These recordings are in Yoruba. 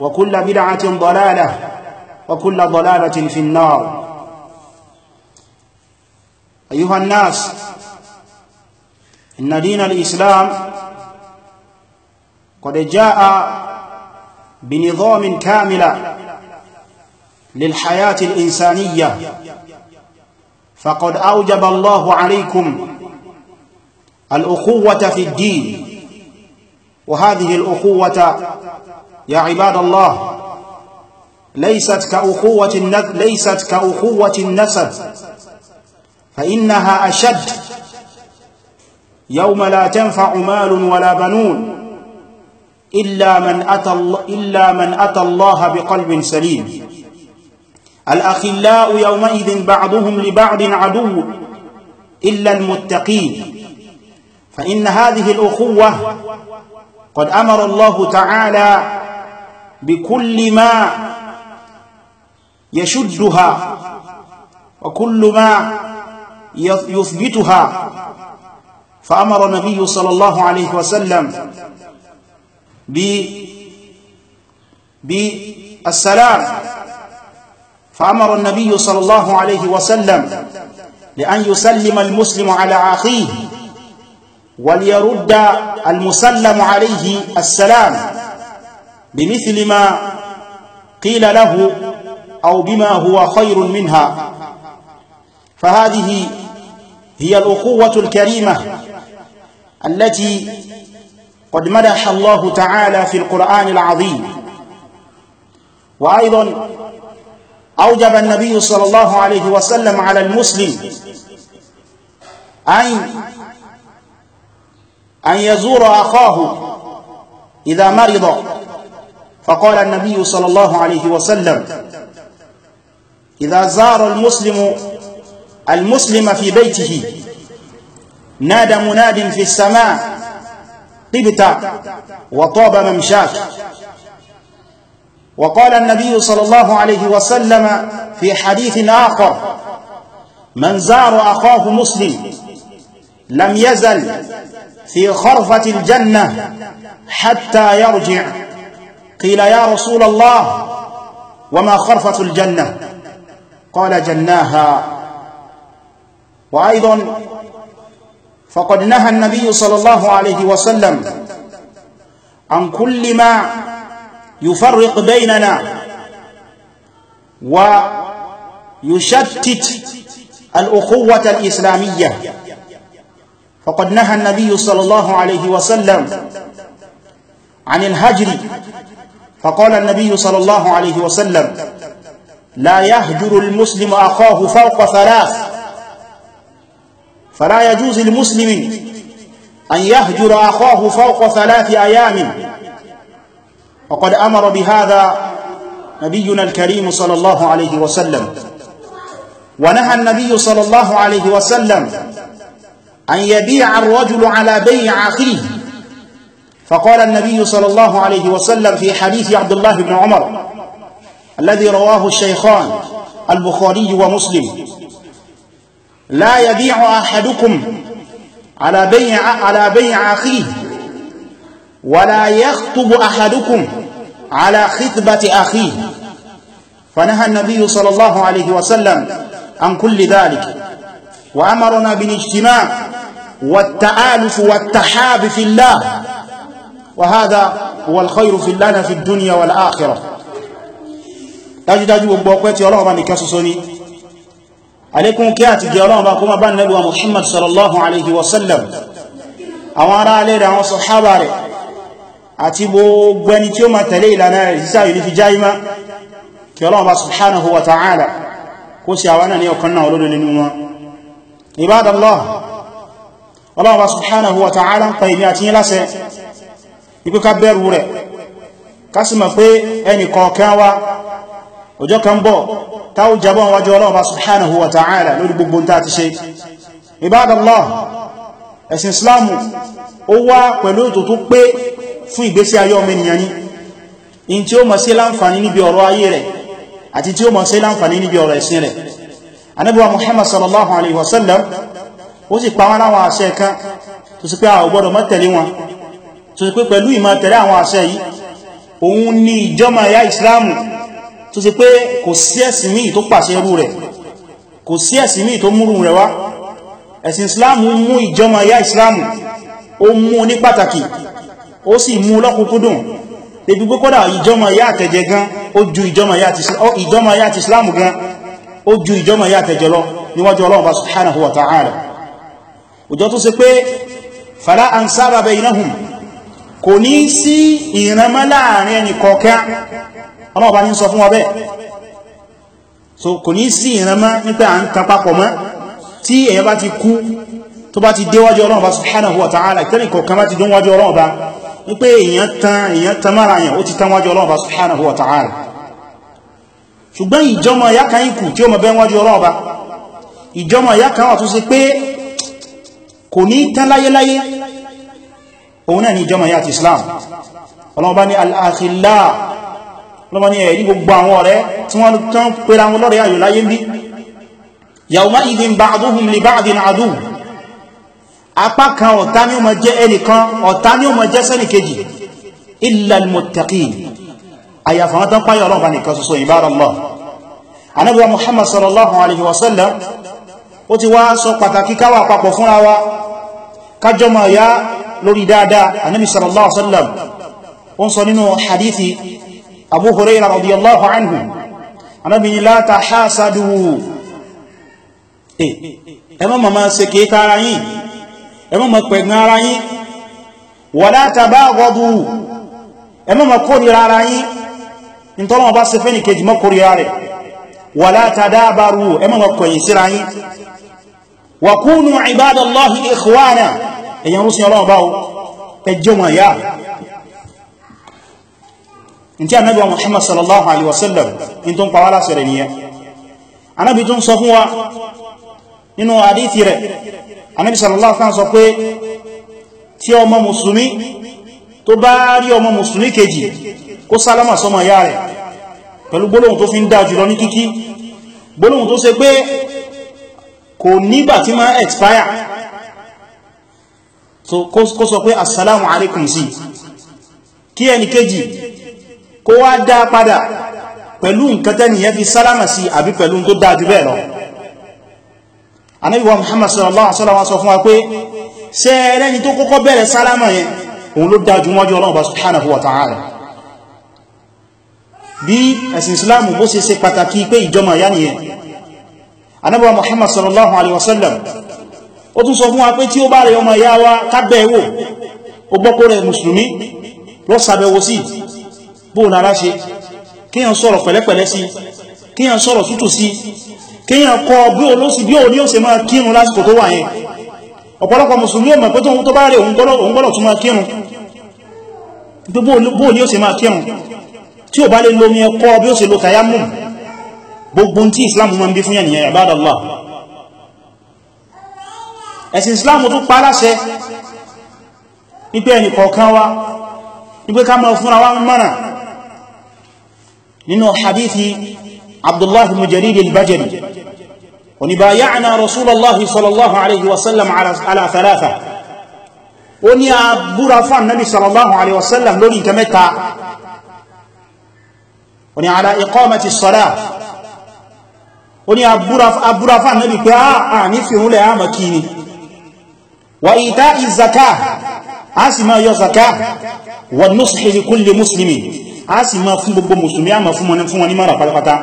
وكل بدعة ضلالة وكل ضلالة في النار أيها الناس إن دين الإسلام قد جاء بنظام كامل للحياة الإنسانية فقد أوجب الله عليكم الأخوة في الدين وهذه الأخوة يا عباد الله ليست كأخوة ليست كأخوة النسب فإنها أشد يوم لا تنفع مال ولا بنون إلا من أتى إلا من أتى الله بقلب سليم الأخلاء يومئذ بعضهم لبعض عدو إلا المتقين فإن هذه الأخوة قد أمر الله تعالى بكل ما يشدها وكل ما يثبتها فأمر النبي صلى الله عليه وسلم بالسلام فأمر النبي صلى الله عليه وسلم لأن يسلم المسلم على أخيه وليرد المسلم عليه السلام بمثل ما قيل له أو بما هو خير منها فهذه هي الأخوة الكريمة التي قد مدح الله تعالى في القرآن العظيم وأيضا أوجب النبي صلى الله عليه وسلم على المسلم أن أن يزور أخاه إذا مرض فقال النبي صلى الله عليه وسلم إذا زار المسلم المسلم في بيته نادى مناد في السماء طبت وطاب ممشاك وقال النبي صلى الله عليه وسلم في حديث آخر من زار أخاه مسلم لم يزل في خرفة الجنة حتى يرجع قيل يا رسول الله وما خرفة الجنة قال جناها وأيضا فقد نهى النبي صلى الله عليه وسلم عن كل ما يفرق بيننا ويشتت الأخوة الإسلامية فقد نهى النبي صلى الله عليه وسلم عن الهجر فقال النبي صلى الله عليه وسلم لا يهجر المسلم أخاه فوق ثلاث فلا يجوز لمسلم أن يهجر أخاه فوق ثلاث أيام وقد أمر بهذا نبينا الكريم صلى الله عليه وسلم ونهى النبي صلى الله عليه وسلم أن يبيع الرجل على بيع أخيه فقال النبي صلى الله عليه وسلم في حديث عبد الله بن عمر الذي رواه الشيخان البخاري ومسلم لا يبيع أحدكم على بيع على بيع أخيه ولا يخطب أحدكم على خطبة أخيه فنهى النبي صلى الله عليه وسلم عن كل ذلك وأمرنا بالاجتماع والتآلف والتحاب في الله وهذا هو الخير في لنا في الدنيا والآخرة dájúdájú gbogbo ọpẹ́ tí Ọlọ́run bá nìkan ṣoṣo ni àlékún kí àti gẹ Ọlọ́run bá kó má bá nílùú wa Muhammad sallallahu alaihi wasallam àwọn ará alẹ́ rẹ̀ àwọn sọ̀hábà rẹ̀ àti gbogbo ẹni tí ó ma tẹ̀lé ìlànà rẹ̀ sísá yìí fi jáyímá kí Ọlọ́run bá subhanahu wa ta'ala kó sí àwọn náà ní ọkàn náà olódó nínú wọn ibadallah Ọlọ́run bá subhanahu wa ta'ala ń pa ìmí àti yín lásẹ̀ ipé ká bẹ̀rù rẹ̀ ká sì mọ̀ pé ẹnì kọ̀ọ̀kan wa ọjọ́ kan bọ̀ táwù jabọ́ wájú ọlọ́ọ̀bá subhanahu wa ta'ala lórí gbogbo ta ti ṣe ibadallah ẹ̀sìn islamu ó wá pẹ̀lú ètò tó pé fún ìgbésí ayé ọmọ ènìyàn ni in tí ó mọ̀ sí láǹfàní níbi ọ̀rọ̀ ayé rẹ̀ àti tó ṣe pé pẹ̀lú ìmá tẹ̀lé àwọn àṣẹ yìí òun ni ìjọmọ̀ ẹ̀yà ìsìláàmù tó ṣe pé kò sí ẹ̀sìn míì tó pàṣẹ irú rẹ̀ kò sí ẹ̀sìn míì tó múrù rẹ̀ wá ẹ̀sìn ìsìláàmù mú ìjọmọ̀ ẹ̀yà ìsìláàmù ó mú ní pàtàkì ó sì mú lọ́kùnkúndùn débi pé kódà ìjọmọ̀ ẹ̀yà àtẹ̀jẹ̀ gan ó ju ìjọmọ̀ ẹ̀yà ti ìsìláàmù gan ó ju ìjọmọ̀ ẹ̀yà àtẹ̀jẹ̀ lọ níwájú Ọlọ́run kò ní sí ìrànmọ́ láàrin ẹni kọ̀ọ̀kan ọlọ́ọ̀bá ní sọ fún wa so kò ní sí ìrànmọ́ nípa à ń kan papọ̀ mọ́ tí èyàn bá ti kú tó bá ti déwájú ọlọ́ọ̀bá subhanahu wa ta'ala ìtẹ́lẹ̀ kọ̀ọ̀kan bá ti déwájú ọlọ́ọ̀bá wípé èyàn tan èyàn tan mára yàn ó ti tan wájú ọlọ́ọ̀bá subhanahu wa ta'ala ṣùgbọ́n ìjọmọ ìyá òun náà ni ìjọmọ̀ yà ti Islam ọlọ́mọba ní al-akhilla ọlọ́mọ ní ẹ̀rí gbogbo àwọn ọ̀rẹ́ tí wọ́n tán pèrà wọn lọ́rẹ̀ ayò láyé ń bí yawma idhin ba'duhum li ba'din adu apá kan ọ̀tá ni ó máa jẹ́ ẹnìkan ọ̀tá ni ó máa jẹ́ sẹ́nìkejì illa al-muttaqin àyàfà lórí dáadáa anábi sallallahu alaihi wasallam wọ́n sọ nínú hadithi abu huraira radiyallahu anhu anábi ni la tahasadu eh, ẹ má ma ṣe kéta ara yín ẹ má ma pẹ̀gbọ́n ara yín wala tabaghadu ẹ má ma kórìíra ara yín nítọ́lọ́wọ́ bá ṣe fẹ́ni kejì mọ́ kórìíra rẹ̀ wala tadabaru ẹ má ma kọ̀yìn síra yín wa kunu ibadallahi ikhwana ẹ̀yàn ń sin ọlọ́run bá o ẹjẹ́ wọn yá ní tí ànábì wa Muhammad sallallahu alaihi wasallam in tó ń pa wá lásẹ̀rẹ̀ nìyẹn ànábì tó ń sọ fún wa nínú àdíthì rẹ̀ ànábì sallallahu alaihi wasallam sọ pé tí ọmọ mùsùlùmí tó bá rí ọmọ mùsùlùmí so kó sọ pé assalamu alaikum sí kí ẹni kejì kó wá dá padà pẹ̀lú nǹkan tẹ́ni yẹ́ fi sálámà sí àbí pẹ̀lú tó dájú bẹ́ẹ̀ lọ anábíwá muhammad sallallahu alaihi wasallam sọ fún wa pé ṣe ẹlẹ́ni tó kọ́kọ́ bẹ̀rẹ̀ sálámà yẹn òun ló dájú wájú ọlọ́ọ̀bá ó tún sọ fún wa pé tí ó bá rẹ̀ ọmọ ìyá wa kábẹ̀ wò ó gbọ́kó rẹ̀ mùsùlùmí lọ sàbẹ̀wò sí bóò nára ṣe kíyàn sọ̀rọ̀ pẹ̀lẹ́pẹ̀lẹ́ sí kíyàn sọ̀rọ̀ tútù sí kíyàn kọ bí o ló sì bí o ní ó ṣe máa kírun lásìkò tó wà yẹn ọ̀pọ̀lọpọ̀ mùsùlùmí ò mọ̀ pé tó bá rẹ̀ òun gbọ́dọ̀ tún máa kírun bóò ní ó ṣe máa kírun tí ò bá lè lo omi ẹ̀kọ́ bí ó ṣe lo tayammum gbogbo tí Islam máa ń bí fún yẹn nìyẹn ibadallah ẹ̀sìn islamu tó pa láṣẹ nígbé ẹni kọ̀ọ̀kan wa nígbé ká mọ̀ fúnra wa mọ́nà nínú hadithi abdullahi mujarid al-bajali wani bá ya'na rasulallahi sallallahu alaihi wasallam ala thalatha ó ní a búra fún annabi sallallahu alaihi wasallam lórí ìkà mẹ́ta wani ala iqamati salah ó ní a búra fún annabi pé ah, a ní fi húnlẹ̀ a makini wa ìta ìzaka a sì máa yọ zaka wa nusuhi li kulli muslimi a sì máa fún gbogbo musulmi a máa fún wọn ní mara pátápátá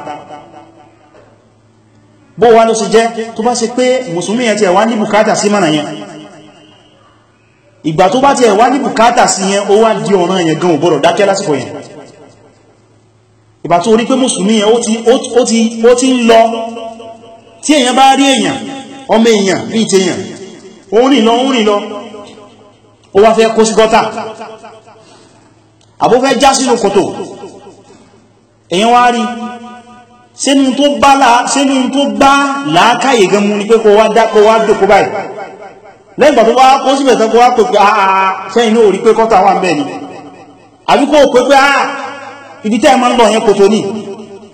bó wá ló sì jẹ́ tó bá ṣe pé musulmi yẹn ti ẹ̀wá ní bùkátà sí mara yẹn ìgbà tó bá ti ẹ̀wá ní bùkátà sí yẹn ó wá di ọ̀ràn yẹn gan ò gbọ́dọ̀ dákẹ́ lásìkò yẹn ìgbà tó rí pé mùsùlùmí yẹn ó ti ń lọ tí èyàn bá rí èyàn ọmọ èyàn ní ìtẹ̀yàn òun rìn lọ òun rìn lọ ó wá fẹ́ kó sí gọ́tà àbó fẹ́ já sínú kòtò èyàn wá rí sínú tó bá làákàyè gan mú ní pé kó wá dákó wá dòkó báyìí lẹ́gbà tó wá kó síbẹ̀ tán kó wá pè pé àà ah, ah, ah, sẹ́yìn náà rí pé kọ́tà wà ń bẹ̀ ni àbí kó pé pé àà ibi tẹ́ ma ń lọ yẹn kòtò ní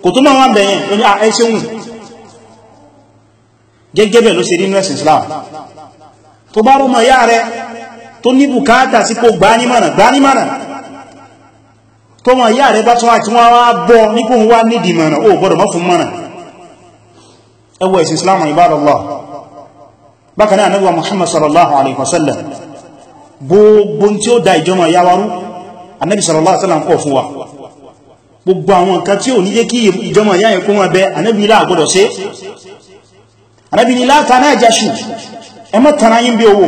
kòtò náà wà ń bẹ̀ yẹn lórí àà ẹ́ ṣeun gẹ́gẹ́ bẹ̀ ló ṣe rí nínú ẹ̀sìn Islam tó bá rọmọ ya rẹ tó ní bùkátà sí kó gbanímọ̀nà gbanímọ̀nà tó mọ̀ ya rẹ bá tọ́ àti wọ́n wá bọ́ nípò wá nídìí mọ̀nà ó gbọ́dọ̀ mọ́ fún mọ̀nà ẹwọ ìsìn islam ibadallah bákan náà nabi muhammad sallallahu alaihi wasallam gbogbo tí ó da ìjọmọ̀ ya sallallahu alaihi wasallam kọ̀ fún wa gbogbo àwọn nǹkan tí ò jẹ́ kí ya ẹ̀kún wọn bẹ annabi ilá àgbọ́dọ̀ sí annabi ilá jashu ẹmọ́ tara yín bí owó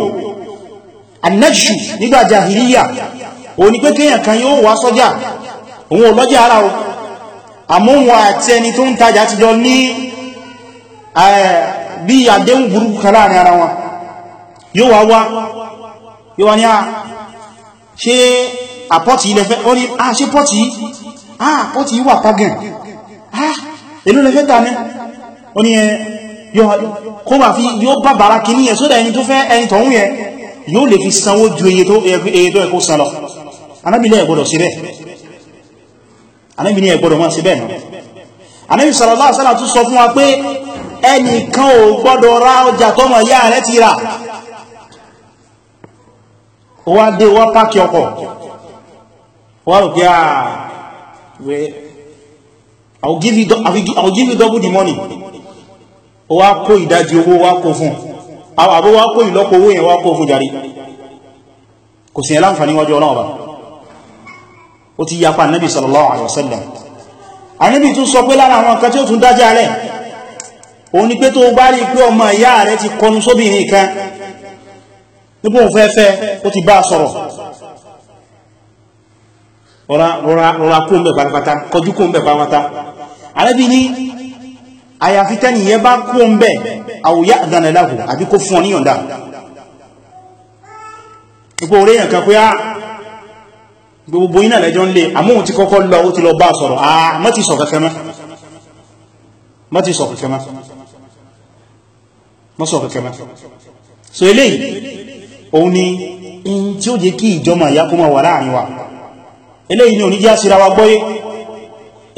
anáṣù nígbà jahiliya o ní pé kéèyàn kan yóò wá sọ́jà òun ò lọ́jà ara o àmóhun àti ẹni tó ń tajà ti jọ ní bí àdéhùn burúkú kan láàrin ara wọn yóò wá wá yóò wá ní ah, à ṣe àpọ́tì ilẹ̀ fẹ́ ó ní à ah, ṣe pọ́tì àpọ́tì ah, wà pagẹ̀ ah èlú lẹ́fẹ́ tà ní ó ní ẹ kó bá fi yóò bá bàrá kì ní ẹ̀ sódà ẹni tó fẹ́ ẹni tọ̀hún yẹ yóò lè fi sanwó ju iye tó ẹ̀kó san lọ anábìlẹ̀ ẹ̀gbọ́dọ̀ sí bẹ́ẹ̀ anábìlẹ̀ ẹ̀gbọ́dọ̀ wọ́n sí bẹ́ẹ̀ náà anábì sallallahu alaihi wasallam tún sọ fún wa pé ẹnìkan ò gbọ́dọ̀ ra ọjà tọ́mọ ìyá ah, I'll give you double the money ó wá kó ìdajì owó wá kó fún àbó wá kó ìlọ́pọ̀ owó yẹn wá kó fún jàrí kò sí yẹn láǹfààní wájú ó ti yapa nabi sallallahu alaihi wasallam ànábì tún sọ pé lára àwọn kan tí ó tún dájá rẹ̀ òun ni pé tó bá rí pé ọmọ ìyá rẹ̀ ti kọnu sóbìnrin kan nípò rọra kó ń bẹ̀ pátápátá kọjú kó ń bẹ̀ pátápátá ànábì ní àyàfi tẹ́ni yẹ bá kú ń bẹ́ àwòyá àdánilẹ́hù àbí kó fún ọ níyànda ipò orí èyàn kan pé á ah, gbogbo iná lẹ́jọ́ ń lè àmóhun ti kọ́kọ́ lọ ó ti lọ bá sọ̀rọ̀ àà ah, mọ́ ti sọ kẹ́kẹ́ so ni in tí ó jẹ́ kí ìjọmọ̀ ìyá kó mọ̀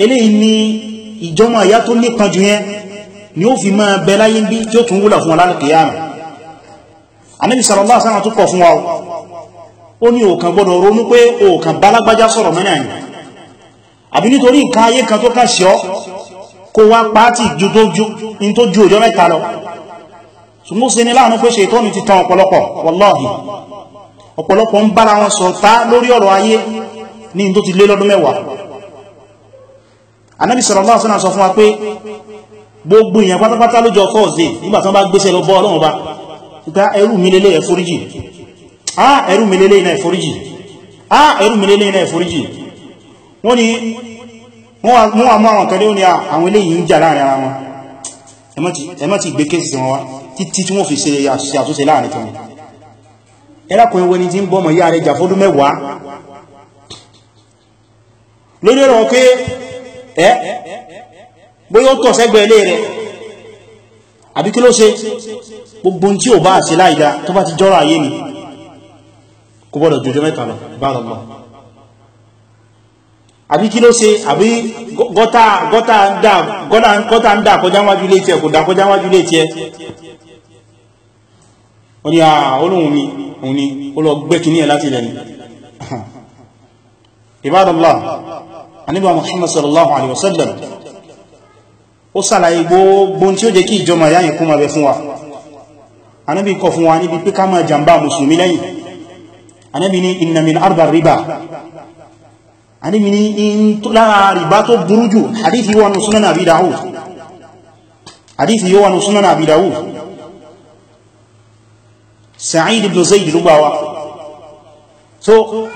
eléyìí ni ìjọmọ̀ àyá tó nípa jù yẹn ni ó fi máa bẹ láyé bí tí ó tún wúlà fún aláàkìyàmà Ànábì sallallahu alaihi wasallam tún kọ̀ fún wa ó ní òkàn gbọ́dọ̀ ronú pé òkàn bálágbájá sọ̀rọ̀ mẹ́rin àyìn àbí nítorí nǹkan ayé kan tó kà ṣọ́ kó wá pàátì ju tó ju òjò mẹ́ta lọ ṣùgbọ́n ṣe ní láàánú pé ti lé lọ́dún mẹ́wàá anábì sallallahu alaihi wasallam sọ fún wa pé gbogbo èèyàn pátápátá lójọ kọ́ọ̀sì nígbà tán bá gbéṣẹ́ lọ bọ́ ọlọ́run bá pípa ah, ẹrù mi lélẹ̀ ẹ̀foríjì ah ẹrù mi lélẹ̀ iná ẹ̀foríjì ah ẹrù mi lélẹ̀ iná ẹ̀foríjì wọ́n ni wọ́n wà mú àwọn kẹrẹ ó ní ah, àwọn eléyìí ń jà láàrin ara wọn ẹmọ́ ti gbé kéèsì wọn wá títí tí wọ́n fi ṣe àtúnṣe láàrin tó ẹlákùnrin wẹni tí ń bọ́mọ̀ yá rẹ̀ jà fọ́dún mẹ́wàá lórí ọ̀rọ̀ pé ẹ́ eh? bóyá ó tọ̀ sẹ́gbẹ̀ ilé rẹ̀ àbí kí ló ṣe gbogbo tí ò bá àti láìdá tó bá ti jọ́rọ̀ ayé mi kò gbọ́dọ̀ jòjò mẹ́ta lọ bá lọ àbí kí ló ṣe àbí gọ́tà ń dà kọjá wájú ilé tiẹ̀ kò dà kọjá wájú ilé tiẹ̀ ó ní aníbà Muhammad sallallahu alaihi wasallam ó sàlàyé gbogbo tí ó jẹ́ kí ìjọmọ̀ yáyìn kún ma bẹ fún wa anábi kọ fún wa níbi pé ká máa jàmbá musulmi lẹ́yìn anábi ní inna min arba riba anábi ní lára riba tó burú jù hadithi so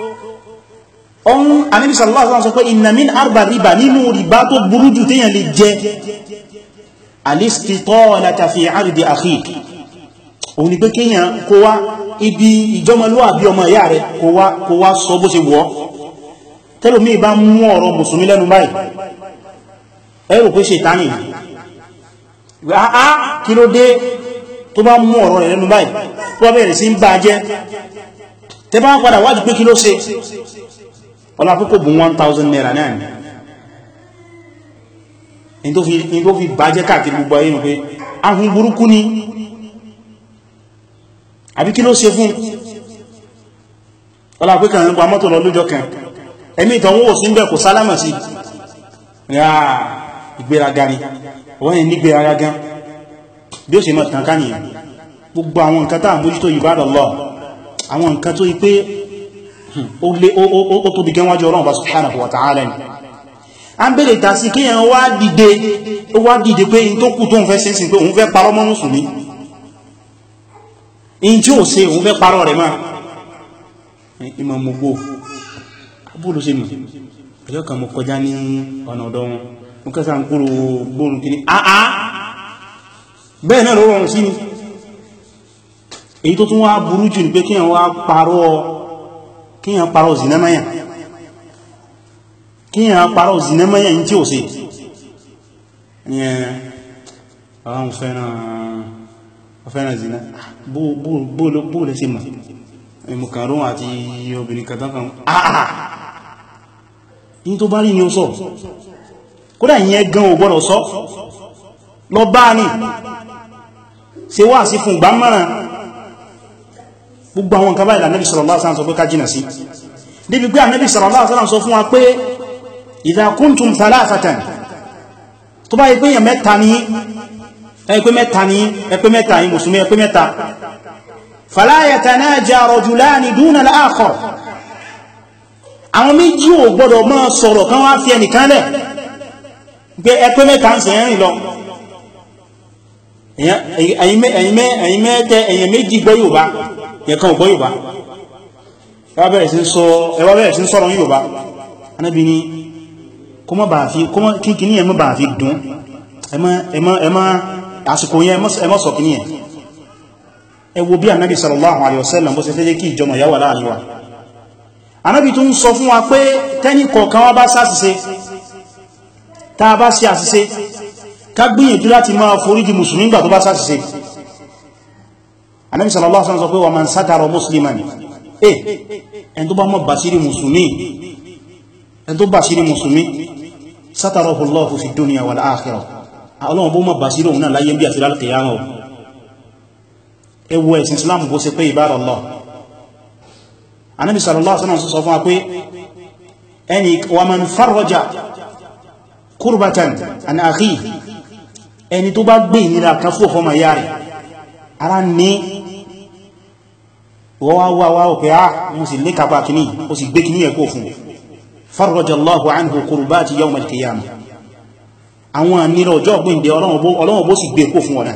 ọun Ànábì sallallahu alaihi wasallam sọ pé inna min arba riba nínú riba tó burú jù téyàn lè jẹ alistitolata fi ardi akhi òun ni pé kíyàn kó wá ibi ìjọmọlúwàbí ọmọ ìyá rẹ̀ kó wá sọ bó ṣe wọ́ tẹ́lòmí bá bá mú ọ̀rọ̀ rẹ̀ lẹ́nu báyìí tó ń padà wájú pé kí ló ṣe ọlá púpọ̀ bùn 1000 naira náà ni in tó fi bàjẹ́ káàkiri gbogbo ayé nù pé ahun burúkú ni àbí kí ló ṣe fún ọlá pé kàn ń pa mọ́tò lọ lójọ kan ẹ̀mí ìtànwò ò sí ń bẹ̀ kò sálámà sí ìgbéraga ni wọ́n yẹn nígbéraga gan bí ó ṣe mọ̀ tàn ká nìyàn gbogbo àwọn nǹkan tá àmójútó ìbádà lọ àwọn nǹkan tó yí pé o o o ó tóbi gẹ́ wájú ọlọ́run bá subhanahu wa ta'ala ni a ń bèèrè ìta sí kíyàn wá dìde o wá dìde pé in tó kù tó ń fẹ́ o pé òun fẹ́ parọ́ mọ́ mùsùlùmí in tí o ṣe o fẹ́ parọ́ rẹ̀ máa ìmọ̀ mú gbó abúlù sí mi ọjọ́ kan mọ̀ kọjá ní ọ̀nà ọ̀dọ̀ wọn mú kẹsà ń kúrò gbóòrùn kìíní àá bẹ́ẹ̀ náà ló rọrùn sí ni èyí tó tún wá burú jù ní pé kíyàn wá parọ́ kíyàn parọ́ òsìnẹ́mọ́yàn kíyàn parọ́ òsìnẹ́mọ́yàn tí ó sì ní ẹ̀rẹ́ àwọn fẹ́ràn zina bóò lẹ́ sí ma ìmùkànrò àti obìnrin kàtàkàn àà yí tó bá rí ní ó sọ kódà ìyẹn gan ò gbọ́dọ̀ sọ lọ bá ní ṣe wá sí fún gbámọ́ràn gbogbo àwọn nǹkan báyìí lànàbì sallallahu alaihi wasallam sọ pé ká jìnà sí débi pé ànàbì sallallahu alaihi wasallam sọ fún wa pé idha kuntum thalathatan tó bá yẹ pé èèyàn mẹ́ta ní ẹgbẹ́ mẹ́ta ní ẹgbẹ́ mẹ́ta ní mùsùlùmí ẹgbẹ́ mẹ́ta fala yatanaja rajulani duna al-akhar àwọn méjì ò gbọ́dọ̀ máa sọ̀rọ̀ kan wá ẹ̀yìn mẹ́tẹ ẹ̀yìn yóò bá yẹ̀kan ògbọ́ Yorùbá ẹwà bẹ̀rẹ̀ sí ń sọ̀rọ̀ Yorùbá anábi ni kíkíní ẹmọ́ bá fi dùn ẹmọ́ àsìkò yẹn ẹmọ́ sọ kíní ẹ̀ ẹwọ bí anábi sallallahu alaihi wa anábi tún sọ fún wa pé tẹ́nì kọ̀ọ̀kan wá bá ṣàṣìṣe tá a bá ṣe àṣìṣe ká gbìyànjú láti máa foríjì mùsùlùmí gbà tó anábi sallallahu alaihi wasallam sọ pé wa man satara musliman eh ẹn tó bá mọ́ basiri musulmi ẹn tó basiri musulmi satarahu Allahu fi dunya wal akhirah ọlọ́wọ́n bó mọ́ basiri òun náà láyé bí àti lálẹ́ kìyàmọ́ ewu ẹ̀sìn islam bó ṣe pé ibadallah anábi sallallahu alaihi wasallam sọ fún wa pé ẹni wa man ara ní wọ́n wá wá wá òkè á mú sí lé kapa kìíní ó sì gbé kìíní ẹ̀kọ́ fún farrajallahu anhu kurbati yawm al-qiyamah àwọn àníra ọjọ́ ọgbìndẹ̀ ọlọ́wọ́ bó sì gbé kó fún ọ̀nà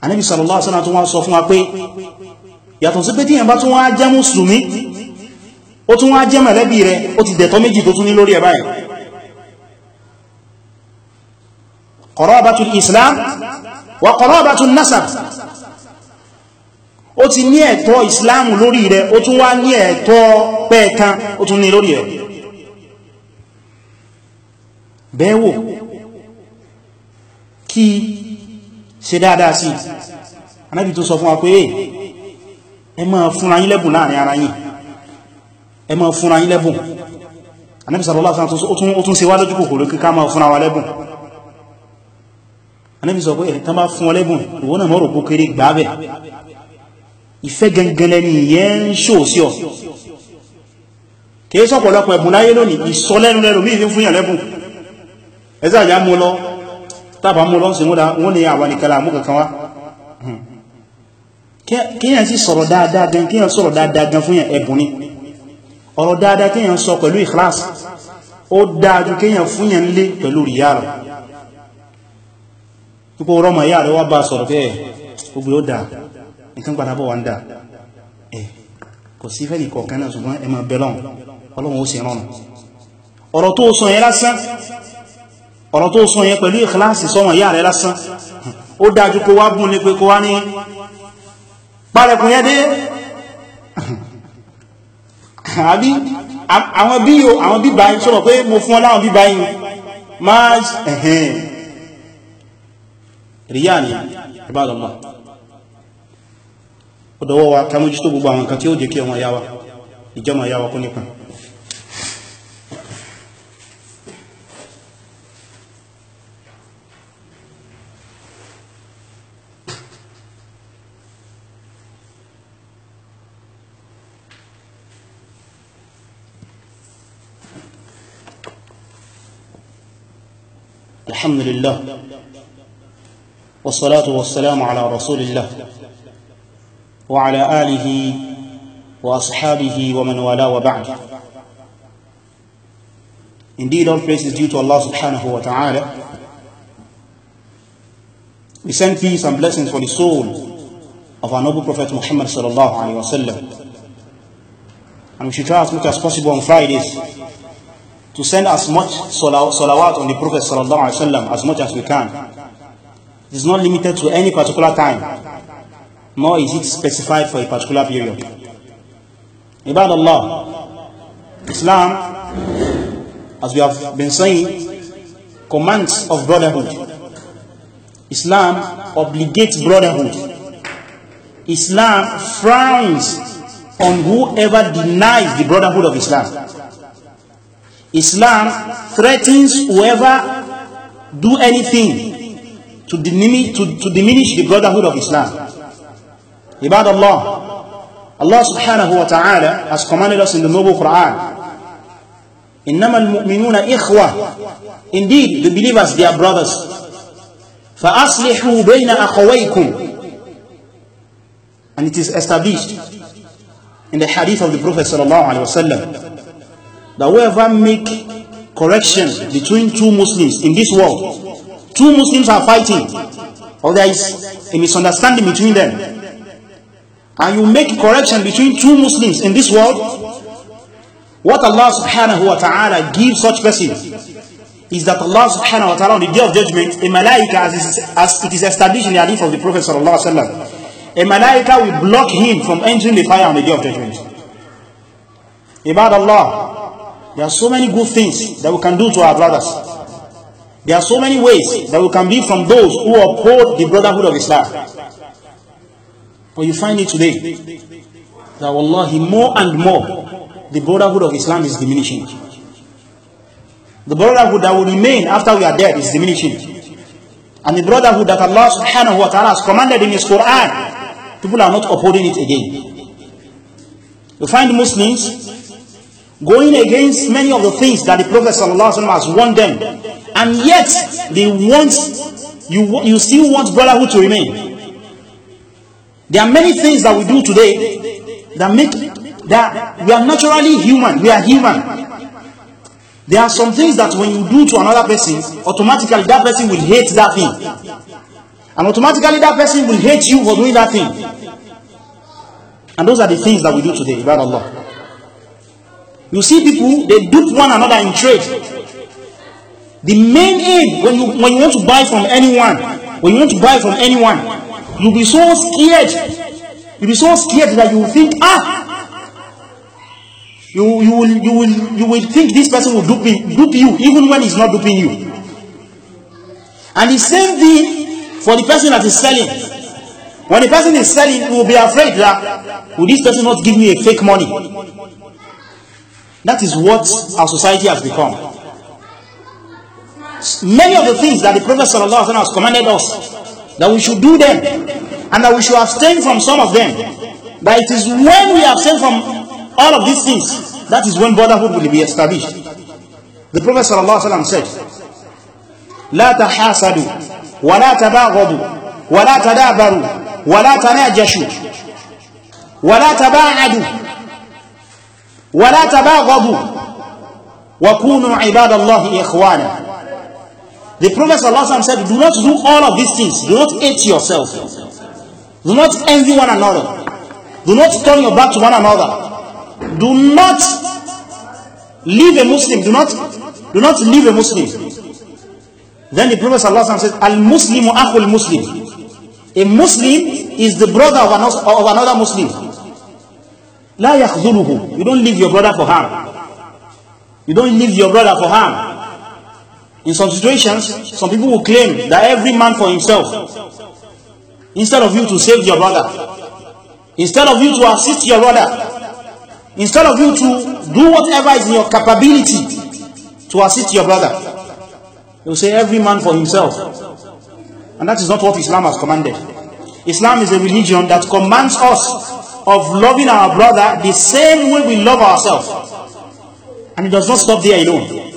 anábi sallallahu alaihi wasallam tó wá sọ fún wa pé yàtọ̀ sí pé tí ẹ̀mbá tó wá jẹ́ mùsùlùmí ó tún wá jẹ́ mẹ̀lẹ́bí rẹ̀ ó ti dẹ̀tọ́ méjì tó tún ní lórí ẹ̀bá ẹ̀ qarabatul islam wa qarabatun ṣe dáadáa sí anábì tó sọ fún wa pé ẹ máa fúnra yín lẹ́bùn láàrin ara yín ẹ máa fúnra yín lẹ́bùn anábì sallallahu alaihi wasallam ó tún ṣe wá lójú kòkòrò kíká máa fúnra wa lẹ́bùn anábì sọ pé ẹ̀ tán bá fún ọ lẹ́bùn ìwọ náà mọ́rò kó kéré gbáàbẹ̀ ìfẹ́ gangan ni tàbà mú lọ́nsìn wọ́n ni àwọn nìkàlà mú kankan wá hmm. kíyàn sí sọ̀rọ̀ dáadáa gan kíyàn sọ̀rọ̀ dáadáa gan fún yàn ẹ̀bùn ni ọ̀rọ̀ dáadáa kíyàn sọ pẹ̀lú ikhlas ó dáadù kíyàn fún yàn lé pẹ̀lú ríyàrọ̀ púpọ̀ rọmọ yà rẹ̀ wá bá sọ̀rọ̀ pé ogbè ó dáa nǹkan padà bọ̀ wá ń dáa kò sí fẹ́ nìkọ̀ọ̀kan náà ṣùgbọ́n ẹ máa bẹ Ọlọ́run ó sì rọrùn ọ̀rọ̀ tó sọ yẹn lásán ọ̀rọ̀ tó sọ yẹn pẹ̀lú ìkìláàsì sọmọ ìyá rẹ̀ lásán ó dájú kó wá bùn ní pé kó wá ní pàrẹkùn yẹn dé àbí àwọn bí i àwọn bíbá yìí sọ̀rọ̀ pé mo fún ọ láwọn bíbá yìí máa ẹ̀hẹ̀n ríyà ni ìbádọ̀mọ́ ọ̀dọ̀wọ́ wa ká gbogbo àwọn nǹkan tí ó jẹ́ kí ọmọ yáwa ìjọmọ̀ yáwa kó nípa الحمد لله والصلاة والسلام على رسول الله وعلى آله وأصحابه ومن والاه وبعد Indeed, all praise is due to Allah subhanahu wa ta'ala. We send peace and blessings for the soul of our noble Prophet Muhammad sallallahu alayhi wa sallam. And we should try as much as possible on Fridays to send as much salawat on the Prophet sallallahu alaihi wasallam as much as we can. It is not limited to any particular time, nor is it specified for a particular period. Ibad Allah, Islam, as we have been saying, commands of brotherhood. Islam obligates brotherhood. Islam frowns on whoever denies the brotherhood of Islam. Islam threatens whoever do anything to diminish, to, to diminish the brotherhood of Islam. Ibad Allah, Allah subhanahu wa ta'ala has commanded us in the noble Quran. إِنَّمَا الْمُؤْمِنُونَ إِخْوَةً Indeed, the believers, they are brothers. فَأَصْلِحُوا بَيْنَ أَخَوَيْكُمْ And it is established in the hadith of the Prophet sallallahu alayhi wa sallam that whoever make correction between two Muslims in this world, two Muslims are fighting, or there is a misunderstanding between them, and you make correction between two Muslims in this world, what Allah subhanahu wa ta'ala gives such person is that Allah subhanahu wa ta'ala on the day of judgment, a malaika as, as it is established in the hadith of the Prophet sallallahu alaihi wasallam, a malaika will block him from entering the fire on the day of judgment. Ibad Allah, there are so many good things that we can do to our brothers. There are so many ways that we can be from those who uphold the brotherhood of Islam. But you find it today that wallahi more and more the brotherhood of Islam is diminishing. The brotherhood that will remain after we are dead is diminishing. And the brotherhood that Allah subhanahu wa ta'ala has commanded in His Quran, people are not upholding it again. You find Muslims going against many of the things that the Prophet ﷺ has warned them. And yet, they want, you, you still want brotherhood to remain. There are many things that we do today that make, that we are naturally human, we are human. There are some things that when you do to another person, automatically that person will hate that thing. And automatically that person will hate you for doing that thing. And those are the things that we do today, ibad Allah. You see people, they dupe one another in trade. The main aim, when you, when you want to buy from anyone, when you want to buy from anyone, you'll be so scared. You'll be so scared that you think, ah, you, you, will, you, will, you will think this person will dupe, me, dupe you, even when he's not duping you. And the same thing for the person that is selling. When the person is selling, you will be afraid that, will this person not give me a fake money? That is what our society has become. Many of the things that the Prophet ﷺ has commanded us, that we should do them, and that we should abstain from some of them, But it is when we abstain from all of these things, that is when brotherhood will be established. The Prophet ﷺ said, لا تحاسدوا ولا تباغضوا ولا تدابروا ولا تناجشوا ولا تباعدوا ولا تباغضوا وكونوا عباد الله إخوانا The Prophet Allah said, do not do all of these things. Do not hate yourself. Do not envy one another. Do not turn your back to one another. Do not leave a Muslim. Do not, do not leave a Muslim. Then the Prophet Allah says, Al-Muslimu akhul Muslim. A Muslim is the brother of another Muslim. la yakhzuluhu you don't leave your brother for harm you don't leave your brother for harm in some situations some people will claim that every man for himself instead of you to save your brother instead of you to assist your brother instead of you to do whatever is in your capability to assist your brother you say every man for himself and that is not what Islam has commanded Islam is a religion that commands us of loving our brother the same way we love ourselves. And it does not stop there alone.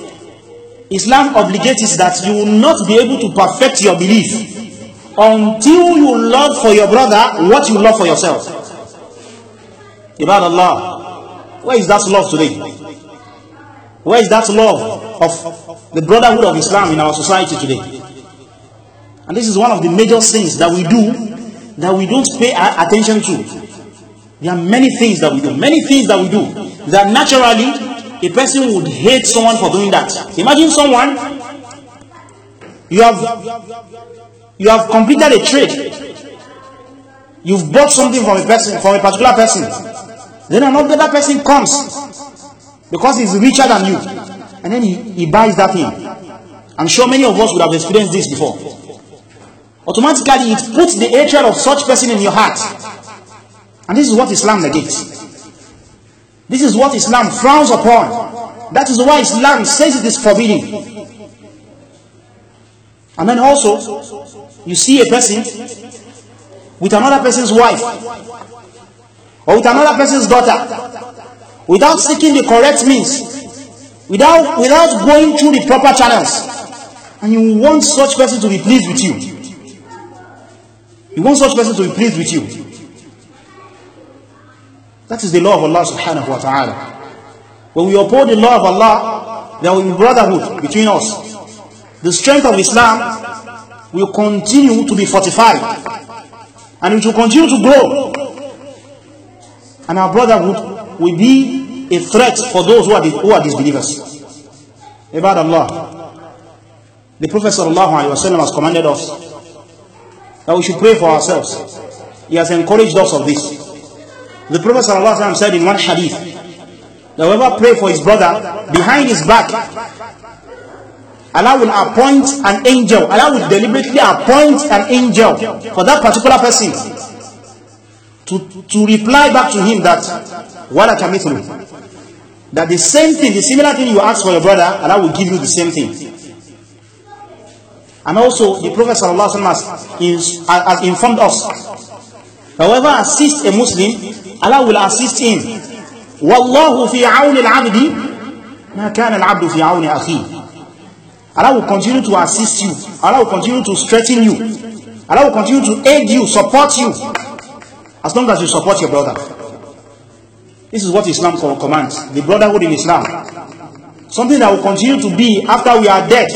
Islam obligates that you will not be able to perfect your belief until you love for your brother what you love for yourself. Ibad Allah, where is that love today? Where is that love of the brotherhood of Islam in our society today? And this is one of the major sins that we do that we don't pay attention to. There are many things that we do. Many things that we do that naturally a person would hate someone for doing that. Imagine someone you have you have completed a trade. You've bought something from a person from a particular person. Then another person comes because he's richer than you, and then he, he buys that thing. I'm sure many of us would have experienced this before. Automatically, it puts the hatred of such person in your heart And this is what Islam negates. This is what Islam frowns upon. That is why Islam says it is forbidden. And then also, you see a person with another person's wife or with another person's daughter without seeking the correct means, without, without going through the proper channels, and you want such person to be pleased with you. You want such person to be pleased with you. That is the law of Allah subhanahu wa ta'ala. When we uphold the law of Allah, there will be brotherhood between us. The strength of Islam will continue to be fortified. And it will continue to grow. And our brotherhood will be a threat for those who are, who are disbelievers. About Allah. The Prophet sallallahu alayhi wa sallam has commanded us that we should pray for ourselves. He has encouraged us of this. The Prophet ﷺ said in one hadith that whoever pray for his brother behind his back, Allah will appoint an angel. Allah will deliberately appoint an angel for that particular person to, to reply back to him that وَلَكَ مِثْلُ That the same thing, the similar thing you ask for your brother, Allah will give you the same thing. And also, the Prophet ﷺ has, has informed us. Whoever assist a Muslim Allah will assist him wallahu fi auni al-abdi ma kana al-abdu fi auni akhi Allah will continue to assist you Allah will continue to strengthen you Allah will continue to aid you support you as long as you support your brother this is what Islam commands the brotherhood in Islam something that will continue to be after we are dead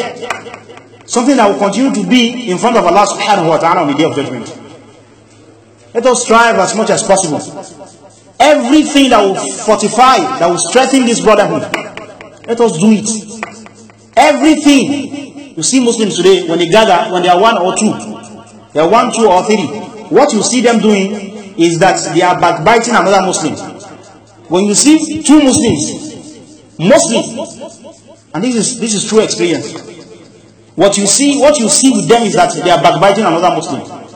something that will continue to be in front of Allah subhanahu wa ta'ala on the day of judgment let us strive as much as possible everything that will fortify, that will strengthen this brotherhood. Let us do it. Everything. You see Muslims today, when they gather, when they are one or two, they are one, two or three, what you see them doing is that they are backbiting another Muslim. When you see two Muslims, mostly, and this is, this is true experience, what you see, what you see with them is that they are backbiting another Muslim.